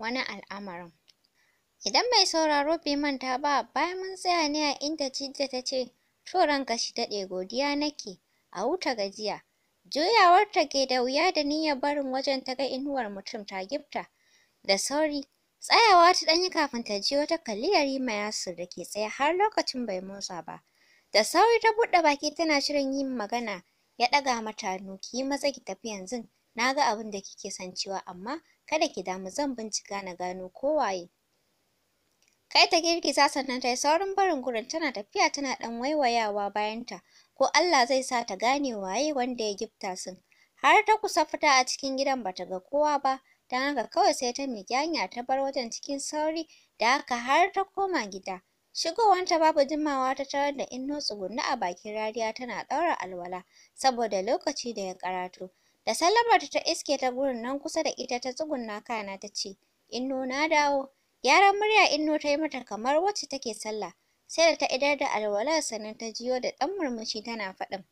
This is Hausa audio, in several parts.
wani al'amarin. Idan mai sauraro bai manta ba, bayan mun tsaya ne a inda Jidda ta ce, To ranka shi daɗe godiya nake, a huta gajiya. Juyawar ta ke da wuya da niyyar barin wajen ta ga inuwar mutum ta gifta. Da sauri, tsayawa ta ɗanyi kafin ta ji wata kalliyar ma Yasir da ke tsaye har lokacin bai motsa ba. Da sauri ta buɗe baki tana shirin yin magana, ya ɗaga mata hannu, ki yi maza ki tafi yanzu, na ga abin da kike son cewa amma kada ki damu zan bincika na gano ko waye kai ta girgiza sannan ta yi saurin barin gurin tana tafiya tana ɗan waiwayawa bayanta ko Allah zai sa ta gane waye wanda ya gifta sun har ta kusa fita a cikin gidan bata ga kowa ba dan haka kawai sai ta miƙe hanya ta bar wajen cikin sauri da haka har ta koma gida shigowanta babu jimawa ta tarar da inno tsugunna a bakin rariya tana ɗaura alwala saboda lokaci da ya karatu. Da sallamar ta iske ta gurin nan kusa da ita ta tsugunna kana ta ce, Inno na dawo. Gyaran murya Inno ta yi mata kamar wacce take sallah. Sai da ta idar da alwala sannan ta jiyo da ɗan murmushi tana faɗin.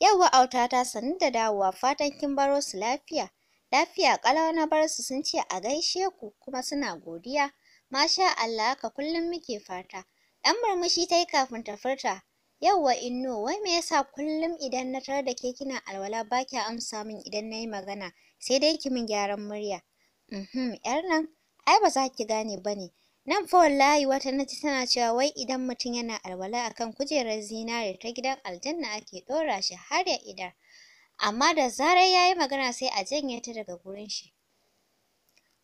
Yawwa ta sannu da dawowa fatan kin baro su lafiya. Lafiya ƙalau na bar su sun ce a gaishe ku kuma suna godiya. Masha Allah haka kullum muke fata. Ɗan murmushi ta yi kafin ta furta. Yauwa Inno, wai me yasa kullum idan na tarar da ke kina alwala ba kya amsa min idan na yi magana, sai dai ki min gyaran murya. Mhm, ‘yar nan, ai ba za ki gane ba ne. Nan fa wallahi wata na ji tana cewa wai idan mutum yana alwala akan kujerar zinare ta gidan aljanna ake ɗora shi har ya idar. Amma da zarar ya yi magana sai a janye ta daga gurin shi.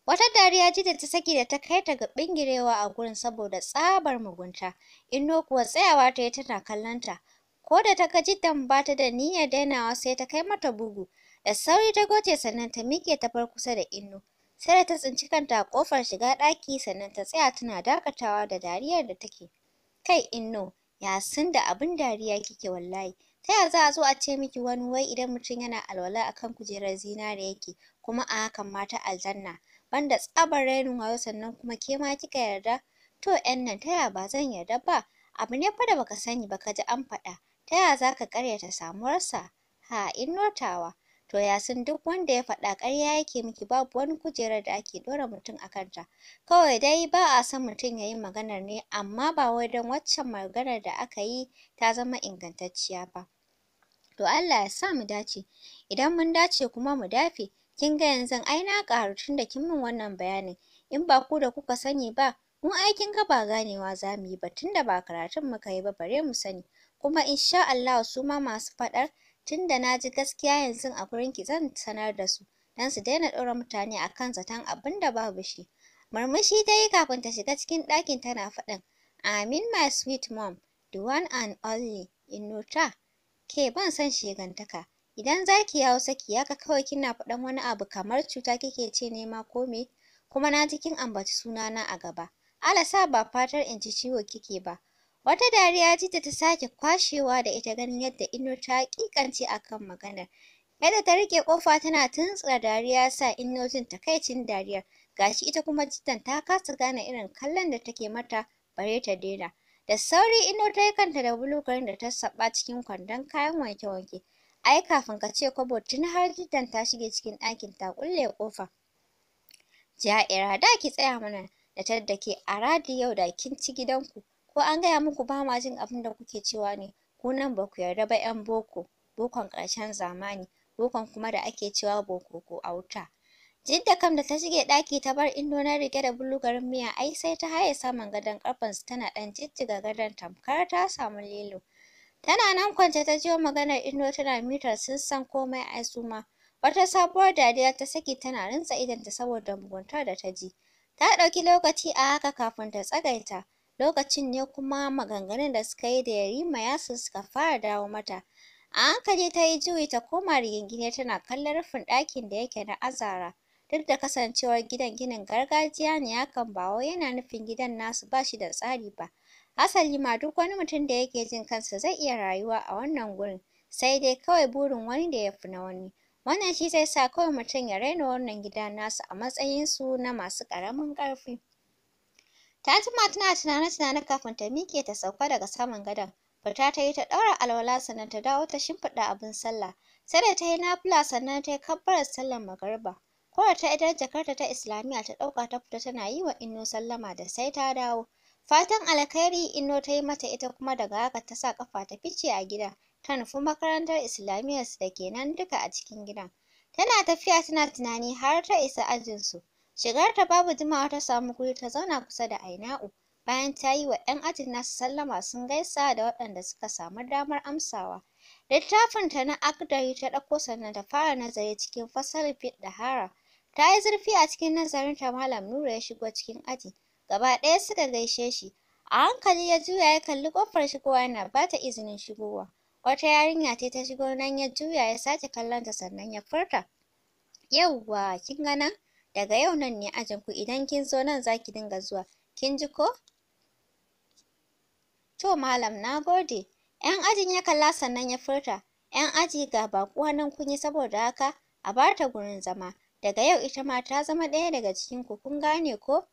Wata dariya da ta saki da ta kai ta ga bingirewa a gurin saboda tsabar mugunta. Inno kuwa tsayawa ta yi tana kallon ta. Ko da ta ga Jiddan ba ta da niyyar dainawa sai ta kai mata bugu. Da sauri ta goce sannan ta miƙe ta bar kusa da Inno. Sai da ta tsinci kanta a ƙofar shiga ɗaki sannan ta tsaya tana dakatawa da dariyar da take. Kai Inno, ya sun da abin dariya kike wallahi. Ta yaya za a zo a ce miki wani wai idan mutum yana alwala akan kujerar zinare yake kuma a hakan ma ta aljanna. banda tsabar rainin wayo sannan kuma ke ma kika yarda to 'yan nan ta yaya ba zan yarda ba abu ne fa da baka sani ba kaji ji an faɗa ta yaya za ka samuwar samuwarsa ha innotawa to ya san duk wanda ya faɗa ƙarya yake miki babu wani kujerar da ake ɗora mutum a kanta kawai dai ba a san mutum ya yi maganar ne amma ba wai don waccan maganar da aka yi ta zama ingantacciya ba to Allah ya sa mu dace idan mun dace kuma mu dafe Kin ga yanzu ai na karu tun da kin min wannan bayanin. In ba ku da kuka sani ba, mu ai kin ga ba ganewa za mu yi ba tun da ba karatun muka yi ba bare mu sani. Kuma insha Allah su ma masu faɗar tun da na ji gaskiya yanzu a gurin ki zan sanar da su don su daina ɗora mutane a kan zaton abin da babu shi. Murmushi ta yi kafin ta shiga cikin ɗakin tana faɗin Amin my sweet mom, the one and only, Inuta. Ke ban son shigantaka. Idan za ki hau saki haka kawai kina faɗan wani abu kamar cuta kike ce nema ko me, kuma na ji kin ambaci sunana a gaba. Alasa ba fatar in ji ciwo kike ba. Wata dariya Jidda ta sake kwashewa da ita ganin yadda Ino ta kikance akan kan maganar. Yadda ta rike kofa tana tuntsura dariya sa Ino jin takaicin dariyar. Gashi ita kuma Jidan ta kasa gane irin kallon da take mata bare ta daina. Da sauri Ino ta yi kanta da bulugarin da ta saɓa cikin kwandon kayan wanke-wanke. ai kafin ka ce kwabo tun har jiddan ta shige cikin ɗakin ta kulle ƙofa ja'ira da ki tsaya mana da tadda ke a radi yau da kin ci gidanku ko an gaya muku ba ma jin abin da kuke cewa ne ku nan ba ku yarda ba 'yan boko bokon ƙarshen zamani bokon kuma da ake cewa ko a wuta Jidda kam da ta shige ɗaki ta bar indo na rike da bulugarin miya ai sai ta haye saman gadon ƙarfansu tana ɗan jijjiga gadon tamkar ta samu lilo. Tana nan kwance ta jiyo maganar Indo tana mitar sun san komai ai su Wata sabuwar dariya ta saki tana rintsa idonta saboda muguntar da ta ji. Ta ɗauki lokaci a haka kafin ta tsagaita. Lokacin ne kuma maganganun da suka yi da Yarima ya Yasin suka fara dawo mata. A hankali ta yi juyi ta koma rigingine tana kallon rufin ɗakin da yake na azara. Duk da kasancewar gidan ginin gargajiya ne hakan ba wai yana nufin gidan nasu ba shi da tsari ba. Asali ma duk wani mutum da yake jin kansa zai iya rayuwa a wannan gurin, sai dai kawai burin wani da ya fi na wani. Wannan shi zai sa kawai mutum ya raina wannan gida nasu a matsayinsu na masu ƙaramin ƙarfi. Ta jima tana tunane-tunane kafin ta miƙe ta sauka daga saman gadon. Bata ta yi ta ɗaura alwala sannan ta dawo ta shimfiɗa abin sallah. Sai da ta yi nafila sannan ta yi kabbarar sallar magariba. Kowace ta idan jakarta ta Islamiyya ta ɗauka ta fita tana yi wa Inno sallama da sai ta dawo. Fatan alkhairi Inno ta yi mata ita kuma daga haka ta sa kafa ta fice a gida, ta nufi makarantar su da ke nan duka a cikin gidan. Tana tafiya tana tunani har ta isa ajinsu. ta babu jimawa ta samu guri ta zauna kusa da Aina'u. Bayan ta yi wa 'yan ajin nasu sallama sun gaisa da waɗanda suka samu damar amsawa. Littafinta na akdari ta ɗauko sannan ta fara nazari cikin Fasal da hara. Ta yi zurfi a cikin nazarinta Malam Nura ya shigo cikin aji. gaba ɗaya suka gaishe shi a hankali ya juya ya kalli ƙofar shigowa yana ba ta izinin shigowa wata yarinya ce ta shigo nan ya juya ya sake kallonta sannan ya furta yauwa kin ga nan daga yau nan ne ajin ku idan kin zo nan zaki dinga zuwa kin ji ko to malam na gode yan ajin ya kalla sannan ya furta yan aji ga bakuwa nan kun yi saboda haka a bata gurin zama daga yau ita ma ta zama ɗaya daga cikin ku kun gane ko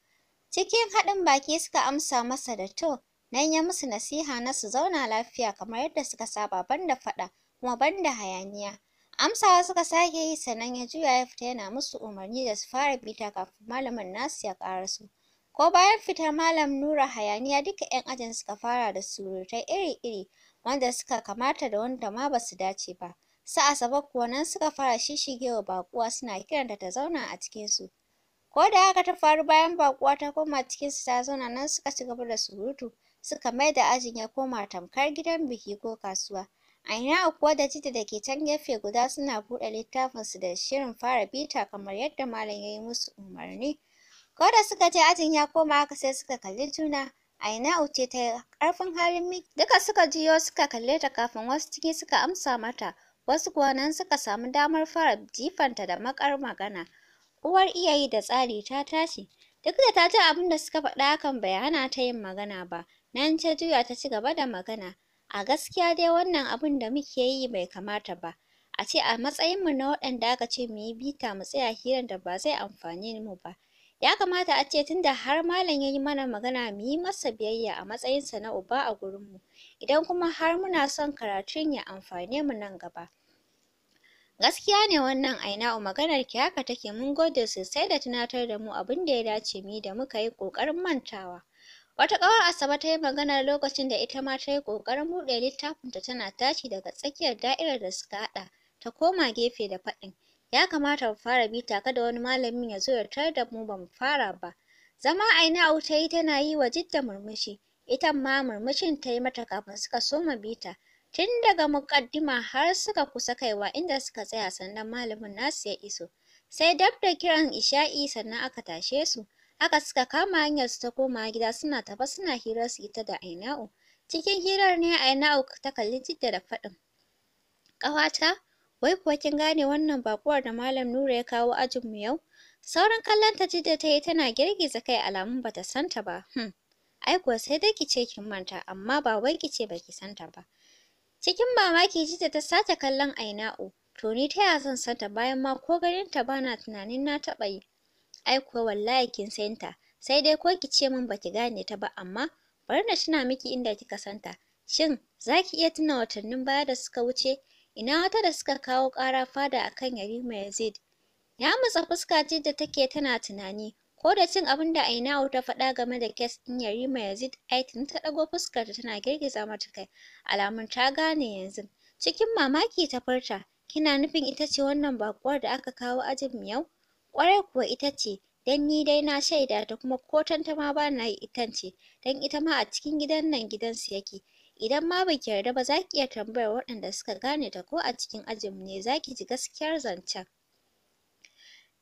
Cikin haɗin baki suka amsa masa da to, nan ya musu nasiha na su zauna lafiya kamar yadda suka saba banda faɗa kuma banda hayaniya. Amsawa suka sake yi sannan ya juya ya fita yana musu umarni da su fara bita kafin malamin nasu ya ƙaraso. Ko bayan fitar Malam Nura hayaniya duka 'yan ajin suka fara da surutai iri-iri wanda suka kamata da wanda ma ba su dace ba. Su Asabe kuwa nan suka fara shishigewa baƙuwa suna kiranta ta zauna a cikinsu. Ko da haka ta faru bayan baƙuwa ta koma cikinsu ta zauna nan suka ci gaba da surutu suka mai da ajin ya koma tamkar gidan biki ko kasuwa. Aina'u kuwa da Titi da ke can gefe guda suna buɗe littafinsu da shirin fara bita kamar yadda malam ya yi musu umarni. Ko da suka je ajin ya koma haka sai suka kalli juna. ina ce ta ƙarfin halin miki. Duka suka jiyo suka kalle ta kafin wasu ciki suka amsa mata, wasu kuwa nan suka samu damar fara jifanta da maƙar magana. uwar iyaye da tsari ta tashi duk da ta ji abin da suka faɗa hakan bai hana ta yin magana ba nan ta juya ta ci gaba da magana a gaskiya dai wannan abin da muke yi bai kamata ba a ce a matsayinmu na waɗanda aka ce mu yi bita mu tsaya hirar da ba zai amfane mu ba ya kamata a ce tunda har malam ya yi mana magana mu yi masa biyayya a matsayinsa na uba a gurinmu idan kuma har muna son karatun ya amfane mu nan gaba Gaskiya ne wannan Aina'u maganar ki haka take mun gode sosai da tunatar da mu abin da ya dace mu da muka yi ƙoƙarin mantawa. Wata ƙawar Asabe ta yi magana lokacin da ita ma ta yi ƙoƙarin buɗe littafinta tana tashi daga tsakiyar da'irar da suka haɗa ta koma gefe da faɗin. Ya kamata mu fara bita kada wani malamin ya zo ya tar da mu ba mu fara ba. Zama Aina'u ta yi tana yi wa Jidda murmushi, ita ma murmushin ta yi mata kafin suka soma bita. tun daga muƙaddima har suka kusa kaiwa inda suka tsaya sannan malamin nasu ya iso sai dab da kiran isha'i sannan aka tashe su aka suka kama hanyar su ta koma gida suna tafa suna hirar su ita da Aina'u cikin hirar ne Aina'u ta kalli Jidda da faɗin ƙawata wai kuwa kin gane wannan baƙuwar da malam Nura ya kawo ajin mu yau sauran kallon ta Jidda ta yi tana girgiza kai alamun bata san ta ba hmm. ai kuwa sai dai ki ce kin manta amma ba wai ki ce baki san ta ba Cikin mamaki jita ta sake kallon Aina'u, to ni ta ya zan santa bayan ma ko ganinta ta bana tunanin na taɓa yi. Ai kuwa wallahi kin san ta, sai dai ko ki ce min baki gane ta ba amma bari na tuna miki inda kika santa. Shin za ki iya tuna watannin baya da suka wuce ina wata da suka kawo ƙara fada akan Yarima Yazid? Ya matsa fuska Jidda take tana tunani, Ko da cin abin da Ainahu ta faɗa game da kes ɗin Yarima Yazid Aitin ta ɗago fuskarta tana girgiza mata kai, alamun ta gane yanzu. Cikin mamaki ta furta, kina nufin ita ce wannan baƙuwar da aka kawo ajin yau? Ƙwarai kuwa ita ce, don ni dai na shaida ta kuma ta ma ba na yi itan ce, don ita ma a cikin gidan nan gidansu yake. Idan ma baki yarda ba za ki iya tambayar waɗanda suka gane ta ko a cikin ajinmu ne za ki ji gaskiyar zancen.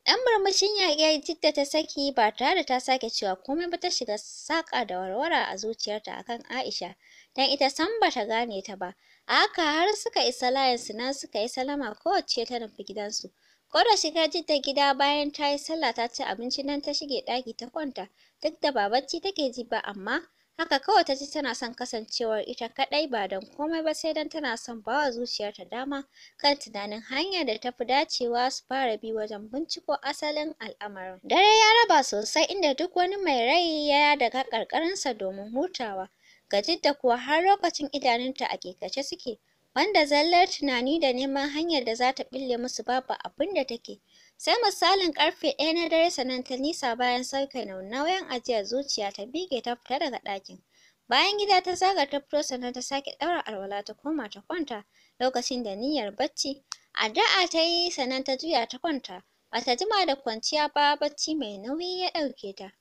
Yan murmushin yaƙi Jidda ta saki ba tare da ta sake cewa komai ba ta shiga saƙa da warwara a zuciyarta akan Aisha, Dan ita san ba ta gane ta ba. A haka har suka isa layinsu nan suka yi salama kowacce ta nufi gidansu. Ko da shiga Jidda gida bayan ta yi sallah ta ci abinci nan ta shige ɗaki ta kwanta, duk da ba bacci take ji ba amma Haka kawai ta ji tana son kasancewar ita kaɗai ba don komai ba sai don tana son bawa zuciyarta dama kan tunanin hanyar da ta fi dacewa su fara bi wajen binciko asalin al'amarin. Dare ya raba sosai inda duk wani mai rai ya daga ƙarƙarinsa domin hutawa. Gajidda kuwa har lokacin idanunta a ƙeƙashe suke, wanda zallar tunani da neman hanyar da za ta ɓille musu babu abin da take. Sai misalin karfe ɗaya na dare sannan ta nisa bayan sauke nauyin ajiyar zuciya ta bige ta fita daga ɗakin. Bayan gida ta zaga ta fito sannan ta sake ɗaura alwala ta koma ta kwanta lokacin da niyyar bacci. Addu'a ta yi sannan ta juya ta kwanta. Bata jima da kwanciya ba bacci mai nauyi ya ɗauke ta.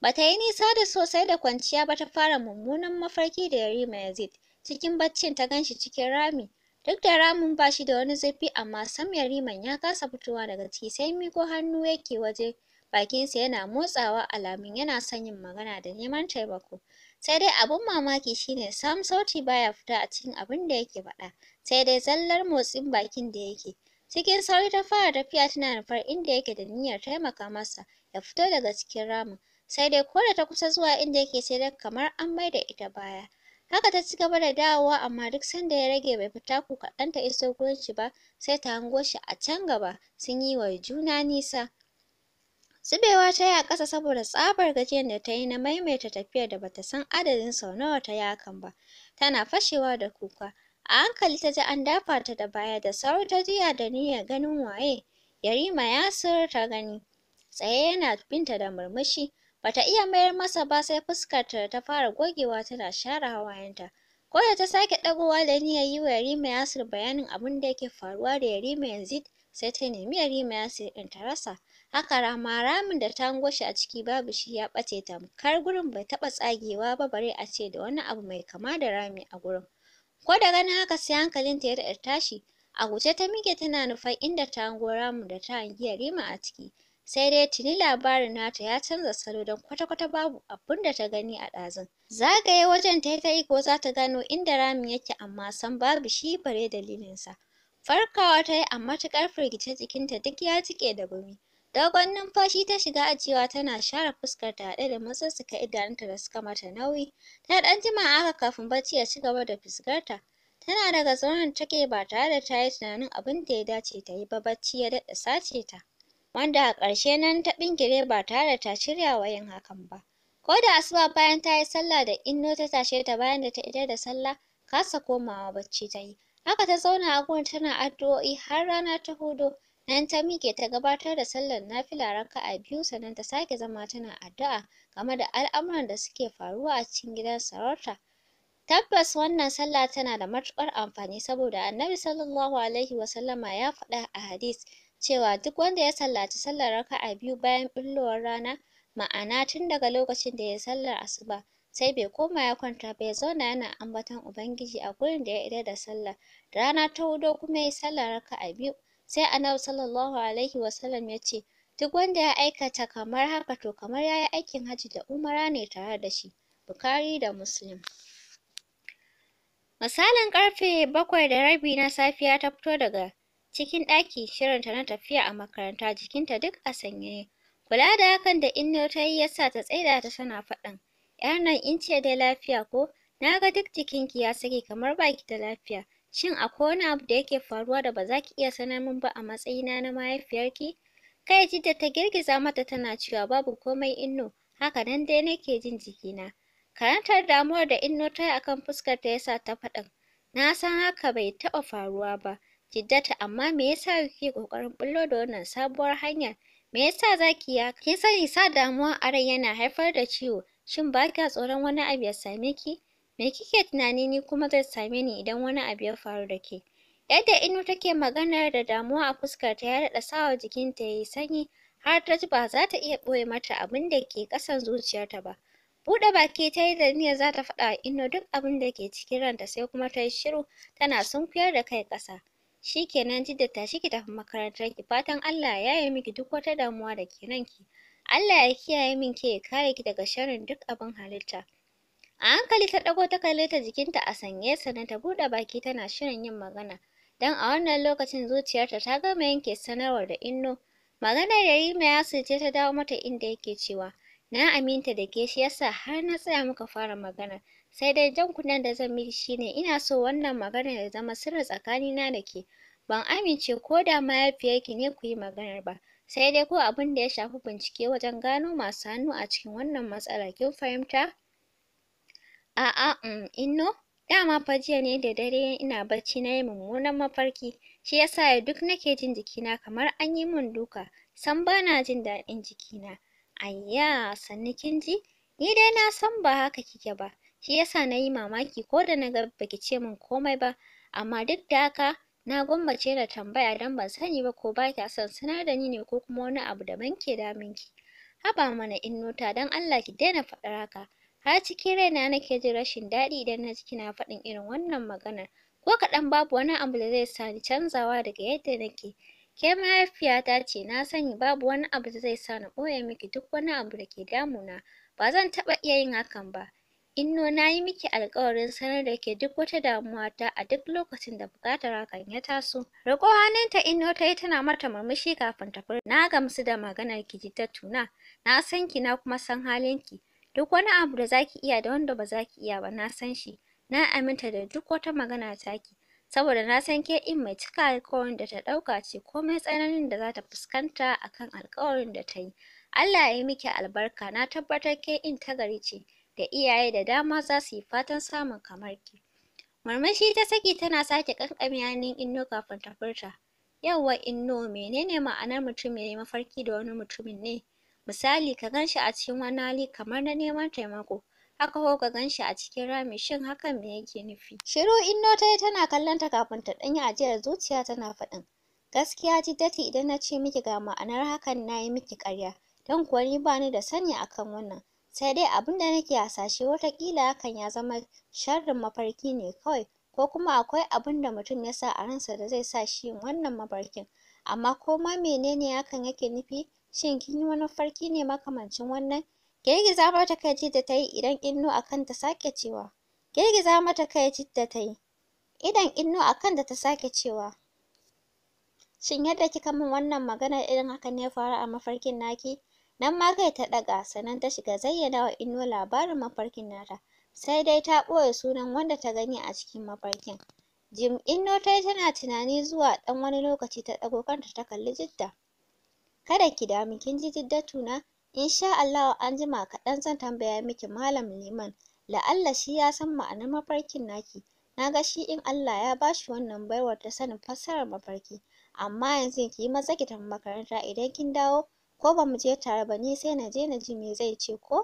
Bata yi nisa da sosai da kwanciya ba ta fara mummunan mafarki da Yarima Yazid. Cikin baccin ta ganshi cikin rami Duk da ramin ba shi da wani zurfi amma sam yariman ya kasa fitowa daga ciki sai miko hannu yake waje bakinsa yana motsawa alamun yana son yin magana da neman taimako. Sai dai abin mamaki shine sam sauti baya fita a cikin abin da yake faɗa sai dai zallar motsin bakin da yake. Cikin sauri ta fara tafiya tana nufar inda yake da niyyar taimaka masa ya fito daga cikin ramin. Sai dai ko ta kusa zuwa inda yake sai dai kamar an maida ita baya. Haka ta cigaba da dawowa amma duk sanda ya rage bai fita kuka kaɗan ta iso gurin shi ba sai ta hango shi a can gaba sun yi wa juna nisa. Zubewa ta yi a ƙasa saboda tsabar gajiyar da ta yi na maimaita tafiyar da bata san adadin sau nawa ta yi hakan ba. Tana fashewa da kuka. A hankali ta ji an dafa ta da baya da sauri ta juya da niyyar ganin waye. Yarima Yasir ta gani. Tsaye yana binta da murmushi. Bata iya mayar masa ba sai fuskarta ta fara gogewa tana share hawayenta. Koda ta sake ɗagowa da niyyar yi wa Yarima Yasir bayanin abin da yake faruwa da Yarima Yazid sai ta nemi Yarima Yasir ɗin ta rasa. Haka rama ramin da ta hango a ciki babu shi ya ɓace kar gurin bai taɓa tsagewa ba bare a ce da wani abu mai kama da rami a gurin. Ko da ganin haka sai ta ya daɗa tashi, a guje ta miƙe tana nufa inda ta hango ramin da ta hangi Yarima a ciki. sai dai tuni labarin nata ya canza salo don kwata-kwata babu abin da ta gani a ɗazun zagaye wajen ta ta yi ko za ta gano inda ramin yake amma san babu shi bare dalilinsa farkawa ta yi a matuƙar firgice jikinta duk ya jiƙe da gumi dogon numfashi ta shiga ajiyewa tana share fuskarta haɗe da matsattsika idanunta da suka mata nauyi ta ɗan jima haka kafin bacci ya ci gaba da fuskarta tana daga zauren take ba tare da ta yi tunanin abin da ya dace ta yi ba bacci ya daɗa sace ta wanda a ƙarshe nan ta ɓingire ba tare da ta shirya wa yin hakan ba. Ko da asuba bayan ta yi sallah da inno ta tashe ta bayan da ta idar da sallah kasa komawa bacci ta yi. Haka ta zauna a gurin tana addu'o'i har rana ta hudu Nan ta miƙe ta gabatar da sallar nafila raka'a biyu sannan ta sake zama tana addu'a game da al'amuran da suke faruwa a cikin gidan sarauta. Tabbas wannan sallah tana da matuƙar amfani saboda Annabi sallallahu alaihi wasallama ya faɗa a hadisi. cewa duk wanda ya sallaci sallar raka'a biyu bayan ɓullowar rana ma'ana tun daga lokacin da yayi sallar asuba sai bai koma ya kwanta ba ya zauna yana ambaton ubangiji a gurin da ya idar da sallah da rana ta hudo kuma yayi sallar raka'a biyu sai annabi sallallahu alaihi wasallam ya ce duk wanda ya aikata kamar haka to kamar yayi aikin hajji da umara ne tare da shi bukari da Muslim misalin ƙarfe, bakwai da rabi na safiya ta fito daga cikin ɗaki shirinta na tafiya a makaranta jikinta duk a ne kula da hakan da inno ta yi ya ta tsaida ta tana faɗan. ‘yar nan in ce dai lafiya ko na ga duk jikinki ya sake kamar baki da lafiya shin akwai wani abu da yake faruwa da ba za ki iya sanar min ba a matsayina na mahaifiyarki kai jidda ta girgiza mata tana cewa babu komai inno haka nan dai nake jin jikina karantar damuwar da inno ta yi akan fuskarta ya sa ta faɗan. na san haka bai taɓa faruwa ba Jiddata amma me yasa kike kokarin bullo da wannan sabuwar hanyar? Me yasa zaki ya? Kin sani sa damuwa a rai yana haifar da ciwo. Shin ba kya tsoron wani abu ya same ki? Me kike tunani ni kuma zai same ni idan wani abu ya faru da ke? Yadda Inu take maganar da damuwa a fuskar ta ya daɗa sawa jikinta ya yi sanyi har ta ji ba za ta iya ɓoye mata abin da ke ƙasan zuciyarta ba. Buɗe baki ta yi da niyyar za ta faɗa Ino duk abin da ke cikin ranta sai kuma ta yi shiru tana sunkuyar da kai ƙasa. Shikenan Jidda tashi ki tafi makarantar ki fatan Allah ya yaye miki duk wata damuwa da ke ki. Allah ya kiyaye min ya kare ki daga sharrin duk abin halitta. A hankali ta ɗago ta kalle ta jikinta a sanye sannan ta buɗe baki tana shirin yin magana. Don a wannan lokacin zuciyarta ta gama yanke sanarwar da inno. Maganar Yarima ya ce ta dawo mata inda yake cewa, Na aminta da ke shi yasa har na tsaya muka fara magana. Sai dai jan kunnen da zan miki shine ina so wannan magana ya zama sirri tsakanina da ke. ban amince ko da mahaifiyarki ne ku yi maganar ba sai dai ko abin da ya shafi bincike wajen gano masu hannu a cikin wannan matsala kin fahimta a'a um inno dama fa jiya ne da dare ina bacci na yi mummunan mafarki shi yasa ya duk nake jin jikina kamar an yi min duka sam bana jin daɗin jikina ayya sannu kin ji ni dai na san ba haka kike ba shi yasa na yi mamaki ko da na ga baki ce min komai ba amma duk da haka Na gwammace da tambaya don ban sani ba ko ba ta son sanar da ni ne ko kuma wani abu daban ke damun ki. Haba mana innota don Allah ki daina faɗar haka. Har cikin raina nake jin rashin daɗi idan na ji kina faɗin irin wannan maganar. Ko kaɗan babu wani abu da zai sani canzawa daga yadda nake. Ke mahaifiyata ce na sani babu wani abu da zai sa na ɓoye miki duk wani abu da ke damuna. Ba zan taɓa iya yin hakan ba. Inno na yi miki alƙawarin sanar da ke duk wata damuwa ta a duk lokacin da buƙatar hakan ya taso. Riƙo hannunta Inno ta yi tana mata murmushi kafin ta furta. Na gamsu da maganar ki ji ta tuna, na san ki na kuma san halin ki. Duk wani abu da za ki iya da wanda ba za ki iya ba na san shi. Na aminta da duk wata magana ta taki. Saboda na san ke in mai cika alƙawarin da ta ɗauka ce komai tsananin da za ta fuskanta akan alƙawarin da ta yi. Allah ya yi miki albarka, na tabbatar ke in ta gari ce. da iyaye da dama za su yi fatan samun kamar ki. Murmushi ta saki tana sake ƙanƙame hannun Inno kafin ta furta. Yawwa Inno menene ma'anar mutum ya yi mafarki da wani mutumin ne? Misali ka gan shi a cikin wani hali kamar na neman taimako. haka ko ka gan shi a cikin rami shin hakan me yake nufi shiru inno ta yi tana kallon ta kafin ta ɗanyi ajiyar zuciya tana faɗin gaskiya jiddati idan na ce miki ga ma'anar hakan na yi miki karya, don kuwa ni ba ni da sani akan wannan sai dai abin da nake hasashe watakila hakan ya zama sharrin mafarki ne kawai ko kuma akwai abin da mutum ya sa a ransa da zai sa shi yin wannan mafarkin amma ko ma menene hakan yake nufi shin kin yi wani mafarki ne makamancin wannan girgiza mata kai Jidda ta yi idan Inno a kanta ta sake cewa girgiza mata kai Jidda ta yi idan Inno a kanta ta sake cewa shin yadda kika min wannan maganar irin hakan ne ya faru a mafarkin naki Nan ma kai ta ɗaga sannan ta shiga zayyana wa Inuwa labarin mafarkin nata. Sai dai ta ɓoye sunan wanda ta gani a cikin mafarkin. Jim Inno ta yi tana tunani zuwa ɗan wani lokaci ta ɗago kanta ta kalli Jidda. Kada ki dami kin ji Jidda tuna, insha Allahu an jima kaɗan zan tambaya miki Malam Liman. La'alla shi ya san ma'anar mafarkin naki. Na ga shi in Allah ya ba shi wannan baiwar ta sanin fassarar mafarki. Amma yanzu ki yi maza ki tafi makaranta idan kin dawo ko ba mu je tare ba ne sai na je na ji me zai ce ko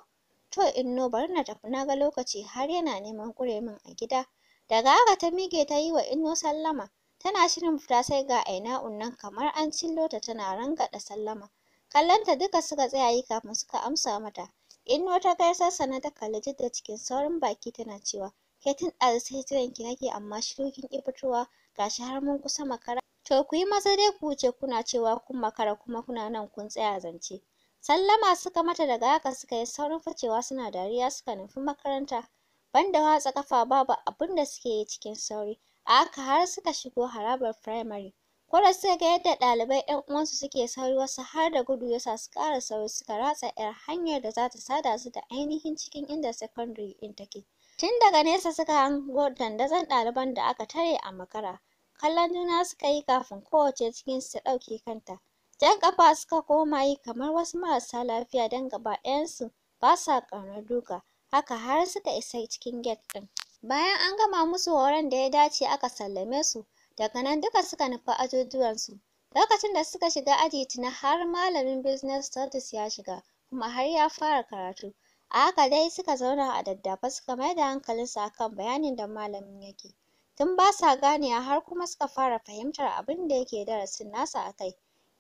to inno bari na tafi na ga lokaci har yana neman ƙure min a gida daga haka ta mige ta yi wa inno sallama tana shirin fita sai ga aina unnan kamar an cillo ta tana rangaɗa sallama kallonta duka suka tsaya yi kafin suka amsa mata inno ta sassa na ta kalli jidda cikin saurin baki tana cewa ke tun ɗazu sai jiran ki nake amma shiru kin ƙi fitowa gashi har mun kusa makara To ku yi maza dai ku wuce kuna cewa kun makara kuma kuna nan kun tsaya zance. Sallama suka mata daga haka suka yi saurin ficewa suna dariya suka nufi makaranta. Banda watsa kafa babu abin da suke yi cikin sauri. A haka har suka shigo harabar firamare. Ko suka ga yadda ɗalibai 'yan uwansu suke sauri wasu har da gudu ya sa su ƙara sauri suka ratsa 'yar hanyar da za ta sada su da ainihin cikin inda sakandare ɗin take. Tun daga nesa suka hango dandazon ɗaliban da aka tare a makara. Kallon juna suka yi kafin kowace cikinsu ta ɗauke kanta. Jan ƙafa suka koma yi kamar wasu marasa lafiya don gaba ɗayansu ba sa ƙaunar duka. Haka har suka isa cikin get ɗin. Bayan an gama musu horon da ya dace aka sallame su, daga nan duka suka nufi ajujuwansu. Lokacin da suka shiga aji tuna har malamin business studies ya shiga, kuma har ya fara karatu. A haka dai suka zauna a daddafa suka mai da hankalinsu a kan bayanin da malamin yake. tun ba sa ganewa har kuma suka fara fahimtar abin da yake darasin nasa a kai.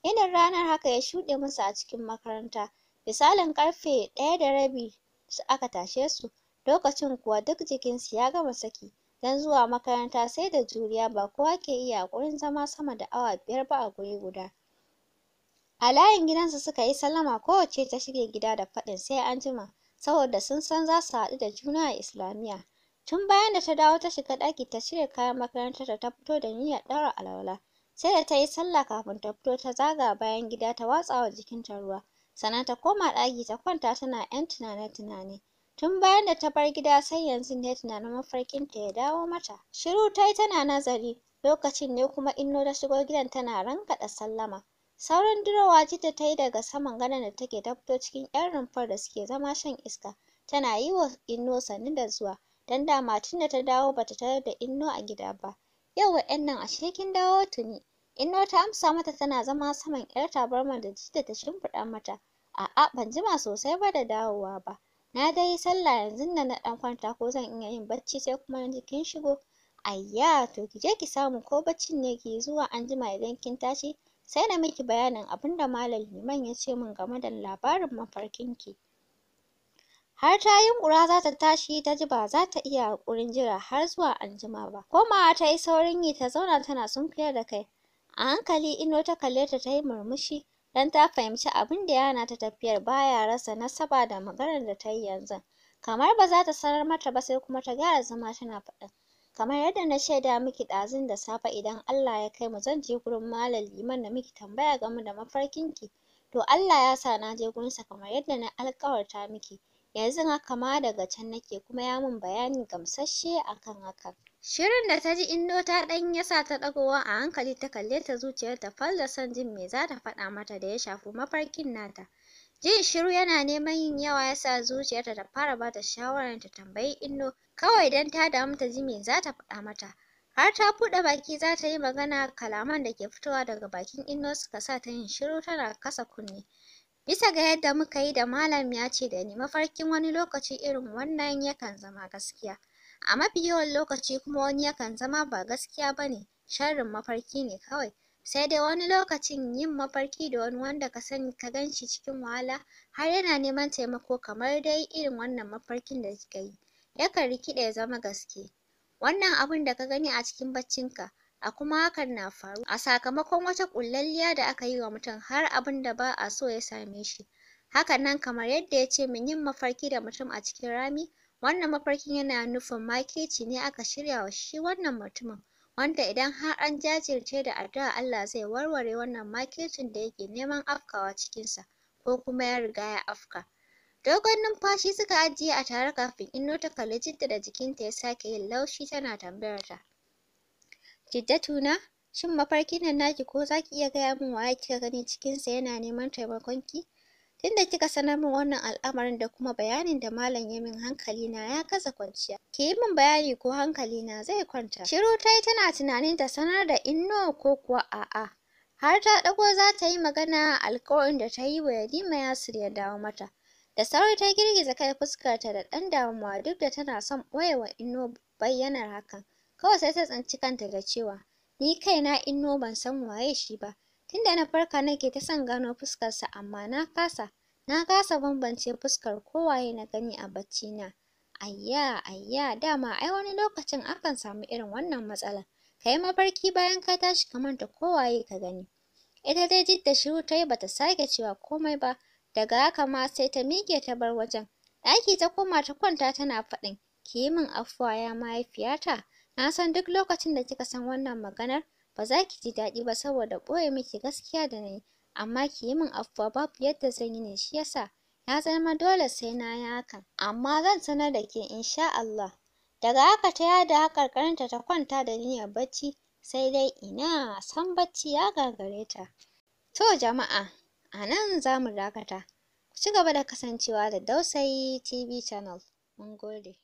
Yinin ranar haka ya shuɗe musu a cikin makaranta, misalin ƙarfe ɗaya da rabi aka tashe su, lokacin kuwa duk jikinsu ya gama saki, don zuwa makaranta sai da juriya ba kowa ke iya haƙurin zama sama da awa biyar ba a guri guda. A layin gidansu suka yi salama kowacce ta shige gida da faɗin sai anjima, saboda sun san za su haɗu da juna a Islamiyya. Tun bayan da ta dawo ta shiga ɗaki ta cire kayan makarantar ta fito da niyyar ɗaura alwala. Sai da ta yi sallah kafin ta fito ta zaga bayan gida ta watsa wa jikinta ruwa. Sannan ta koma ɗaki ta kwanta tana ‘yan tunane-tunane. Tun bayan da ta bar gida sai yanzu ne tunanin mafarkinta ya dawo mata. Shiru ta yi tana nazari, lokacin ne kuma Inno ta shigo gidan tana rankaɗa sallama. Saurin durowa Jidda ta yi daga saman gadon da take ta fito cikin ‘yan rumfar da suke zama shan iska, tana yi wa Inno sannu da zuwa. don da da ta dawo bata tarar da Inno a gida ba. yau 'yan nan ashe kin dawo tuni. Inno ta amsa mata tana zama saman 'yar tabarma da Jidda ta shimfiɗa mata. A'a ban jima sosai ba da dawowa ba. Na dai sallah yanzun nan na ɗan kwanta ko zan iya yin bacci sai kuma na ji kin shigo. Ayya to ki je ki samu ko baccin ne ki zuwa anjima idan kin tashi sai na miki bayanin abinda Malam Liman ya ce min game da labarin mafarkin ki. har ta ƙura za ta tashi ta ji ba za ta iya haƙurin jira har zuwa anjima ba komawa ta yi saurin yi ta zauna tana sunkuyar da kai a hankali Ino ta kalle ta ta yi murmushi don ta fahimci abin da yana ta tafiyar baya rasa nasaba da maganar da ta yi yanzu kamar ba za ta sanar mata ba sai kuma ta gyara zama tana faɗin kamar yadda na shaida miki ɗazun da safe idan Allah ya kai mu zan je gurin malam liman da miki tambaya game da mafarkinki to Allah ya sa na je gurinsa kamar yadda na alƙawarta miki Yanzu haka ma daga can nake kuma ya min bayani gamsasshe akan hakan Shirin da ta ji Indo ta ɗan ya sa ta ɗagowa a hankali ta kalle ta zuciyar ta fal da son jin me za ta faɗa mata da ya shafi mafarkin nata. Jin shiru yana neman yin yawa ya sa zuciyarta ta fara ba ta shawarar ta tambayi Indo kawai don ta damu ta ji me za ta faɗa mata. Har ta buɗe baki za ta yi magana kalaman da ke fitowa daga bakin Indo suka sa ta yin shiru tana kasa kunne. Bisa ga yadda muka yi da malam ya ce da ni mafarkin wani lokaci irin wannan yakan zama gaskiya. A mafi yawan lokaci kuma wani yakan zama ba gaskiya ba ne, sharrin mafarki ne kawai. Sai dai wani lokacin yin mafarki da wani wanda ka sani ka gan shi cikin wahala har yana neman taimako kamar dai irin wannan mafarkin da kika yi, yakan rikiɗa ya zama gaske. Wannan abun da ka gani a cikin baccinka a kuma hakan na faru a sakamakon wata ƙullalliya da aka yi wa mutum har abin da ba a so ya same shi hakan nan kamar yadda ya ce min yin mafarki da mutum a cikin rami wannan mafarkin yana nufin makirci ne aka shirya wa shi wannan mutumin wanda idan har an jajirce da addu'a Allah zai warware wannan makircin da yake neman afkawa cikinsa ko kuma ya riga ya afka dogon numfashi suka ajiye a tare kafin Inno ta kalli Jidda da jikinta ya sake yin laushi tana tambayar ta Jiddatuna, shin mafarkin nan naki ko za ki iya gaya min waye kika gani cikin sa yana neman taimakonki? Tunda kika sanar min wannan al'amarin da kuma bayanin da malam ya min hankali na ya kasa kwanciya. Ki yi min bayani ko hankali na zai kwanta. Shiru ta yi tana tunanin ta sanar da inno ko kuwa a'a. Har ta ɗago za ta yi magana alƙawarin da ta yi wa Yadima Yasir ya dawo mata. Da sauri ta girgiza kai fuskarta da ɗan damuwa duk da tana son ɓoye wa inno bayyanar hakan. Kawai sai ta tsanci kanta da cewa ni kaina inno ban san waye shi ba. Tunda na farka nake ta son gano fuskarsa amma na kasa. Na kasa bambance fuskar kowaye na gani a bacci na. Ayya, ayya, dama ai wani lokacin akan samu irin wannan matsalar. kai yi mafarki bayan ka tashi ka manta kowaye ka gani. Ita dai jidda shiru ta yi bata sake cewa komai ba. Daga haka ma sai ta mike ta bar wajen. Ɗaki ta koma ta kwanta tana faɗin, ki yi min afuwa ya mahaifiyata, Na san duk lokacin da kika san wannan maganar ba za ki ji daɗi ba saboda ɓoye miki gaskiya da na amma ki yi min afuwa babu yadda zan yi ne shi yasa ya zama dole sai na yi hakan, amma zan sanar da ke insha Allah. Daga haka ta yada haƙarƙarinta ta kwanta da niyyar bacci, sai dai ina san bacci ya gagare ta. To jama'a, a nan za mu dakata. Ku ci gaba da kasancewa da Dausayi TV Channel. Mun gode.